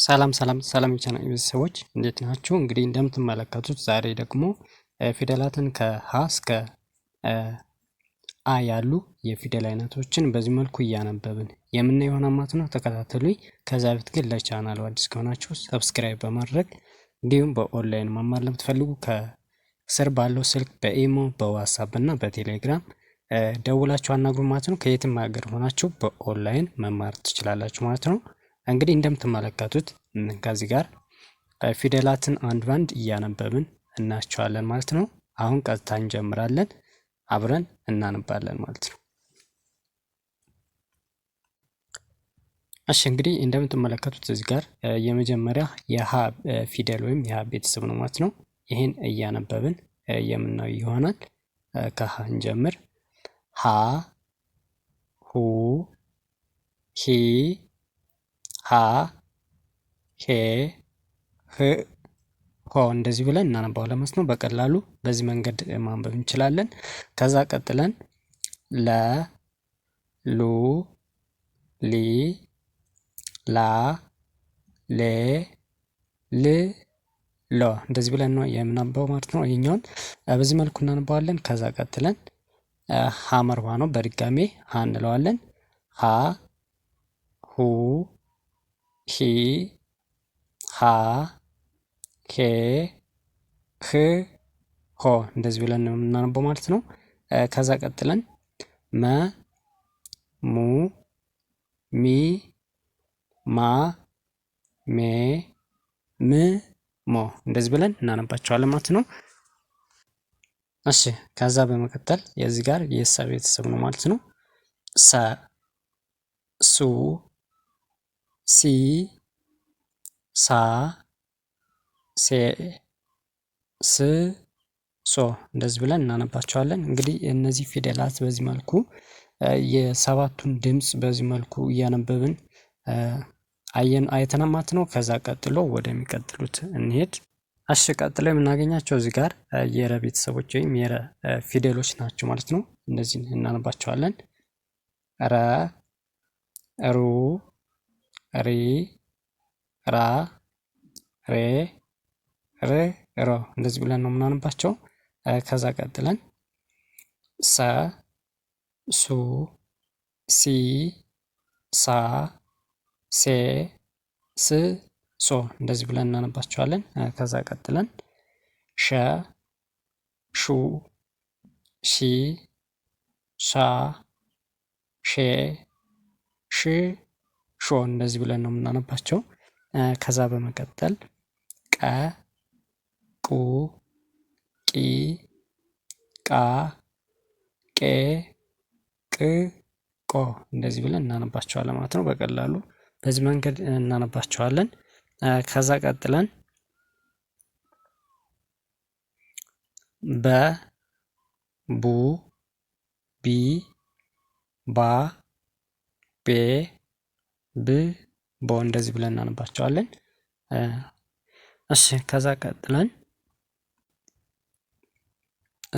ሰላም ሰላም ሰላም የቻና ቤተሰቦች እንዴት ናችሁ? እንግዲህ እንደምትመለከቱት ዛሬ ደግሞ ፊደላትን ከሀ እስከ አ ያሉ የፊደል አይነቶችን በዚህ መልኩ እያነበብን የምና የሆነ አማት ነው። ተከታተሉኝ። ከዛ በፊት ግን ለቻናሉ አዲስ ከሆናችሁ ሰብስክራይብ በማድረግ እንዲሁም በኦንላይን መማር ለምትፈልጉ ከስር ባለው ስልክ በኢሞ በዋትሳፕ እና በቴሌግራም ደውላችሁ አናግሩ ማለት ነው። ከየትም ሀገር ሆናችሁ በኦንላይን መማር ትችላላችሁ ማለት ነው። እንግዲህ እንደምትመለከቱት ከዚህ ጋር ፊደላትን አንድ ባንድ እያነበብን እናያቸዋለን ማለት ነው። አሁን ቀጥታ እንጀምራለን። አብረን እናነባለን ማለት ነው። እሺ እንግዲህ እንደምትመለከቱት እዚህ ጋር የመጀመሪያ የሀ ፊደል ወይም የሀ ቤተሰብ ነው ማለት ነው። ይህን እያነበብን የምናየው ይሆናል። ከሀ እንጀምር። ሀ ሁ ሂ ሀ ሄ ህ ሆ እንደዚህ ብለን እናነባዋለን ማለት ነው። በቀላሉ በዚህ መንገድ ማንበብ እንችላለን። ከዛ ቀጥለን ለ ሉ ሊ ላ ሌ ል ሎ እንደዚህ ብለን ነው የምናንበው ማለት ነው። ይህኛውን በዚህ መልኩ እናነባዋለን። ከዛ ቀጥለን ሀ ውሃ ነው። በድጋሜ ሀ እንለዋለን። ሀ ሁ ሂ ሃ ሄ ህ ሆ እንደዚህ ብለን ነው የምናነበው ማለት ነው። ከዛ ቀጥለን መ ሙ ሚ ማ ሜ ም ሞ እንደዚህ ብለን እናነባቸዋለን ማለት ነው። እሺ ከዛ በመቀጠል የዚህ ጋር የሰ ቤተሰብ ነው ማለት ነው። ሰ ሱ ሲ ሳ ሴ ስ ሶ እንደዚህ ብለን እናነባቸዋለን። እንግዲህ እነዚህ ፊደላት በዚህ መልኩ የሰባቱን ድምጽ በዚህ መልኩ እያነበብን አየን አይተናል ማለት ነው። ከዛ ቀጥሎ ወደሚቀጥሉት እንሄድ። እሺ ቀጥሎ የምናገኛቸው እዚህ ጋር የረ ቤተሰቦች ወይም የረ ፊደሎች ናቸው ማለት ነው። እነዚህን እናነባቸዋለን። ረ ሩ ሪ ራ ሬ ር ሮ እንደዚህ ብለን ነው የምናንባቸው። ከዛ ቀጥለን ሰ ሱ ሲ ሳ ሴ ስ ሶ እንደዚህ ብለን እናነባቸዋለን። ከዛ ቀጥለን ሸ ሹ ሺ ሻ ሼ ሽ ሾ እንደዚህ ብለን ነው የምናነባቸው። ከዛ በመቀጠል ቀ፣ ቁ፣ ቂ፣ ቃ፣ ቄ፣ ቅ፣ ቆ እንደዚህ ብለን እናነባቸዋለን ማለት ነው። በቀላሉ በዚህ መንገድ እናነባቸዋለን። ከዛ ቀጥለን በ፣ ቡ፣ ቢ፣ ባ፣ ቤ ብ ቦ እንደዚህ ብለን እናነባቸዋለን። እሺ ከዛ ቀጥለን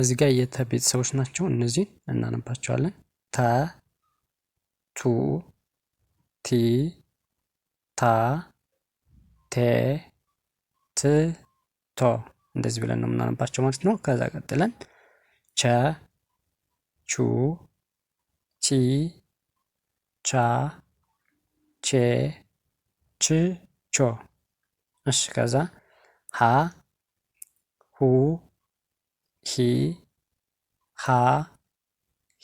እዚህ ጋር የተ ቤተሰቦች ናቸው። እነዚህ እናነባቸዋለን። ተ፣ ቱ፣ ቲ፣ ታ፣ ቴ፣ ት፣ ቶ እንደዚህ ብለን ነው የምናነባቸው ማለት ነው። ከዛ ቀጥለን ቸ፣ ቹ፣ ቺ፣ ቻ ቼ ች ቾ እሺ ከዛ ሀ ሁ ሂ ሃ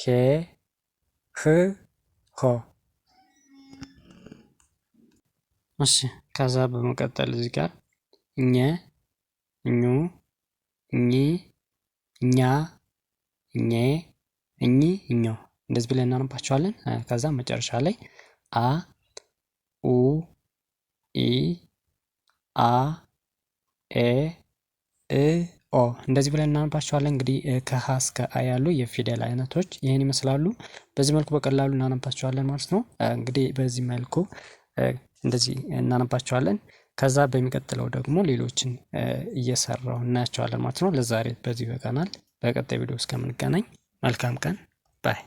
ሄ ህ ሆ እሺ ከዛ በመቀጠል እዚህ ጋር እኘ እኙ እኚ እኛ እኘ እኚ እኛው እንደዚህ ብለን እናነባቸዋለን። ከዛ መጨረሻ ላይ አ ኡ ኢ አ ኤ እ ኦ እንደዚህ ብለን እናነባቸዋለን። እንግዲህ ከሀ እስከ አ ያሉ የፊደል አይነቶች ይህን ይመስላሉ። በዚህ መልኩ በቀላሉ እናነባቸዋለን ማለት ነው። እንግዲህ በዚህ መልኩ እንደዚህ እናነባቸዋለን። ከዛ በሚቀጥለው ደግሞ ሌሎችን እየሰራው እናያቸዋለን ማለት ነው። ለዛሬ በዚህ ይበቃናል። በቀጣይ ቪዲዮ እስከምንገናኝ መልካም ቀን ባይ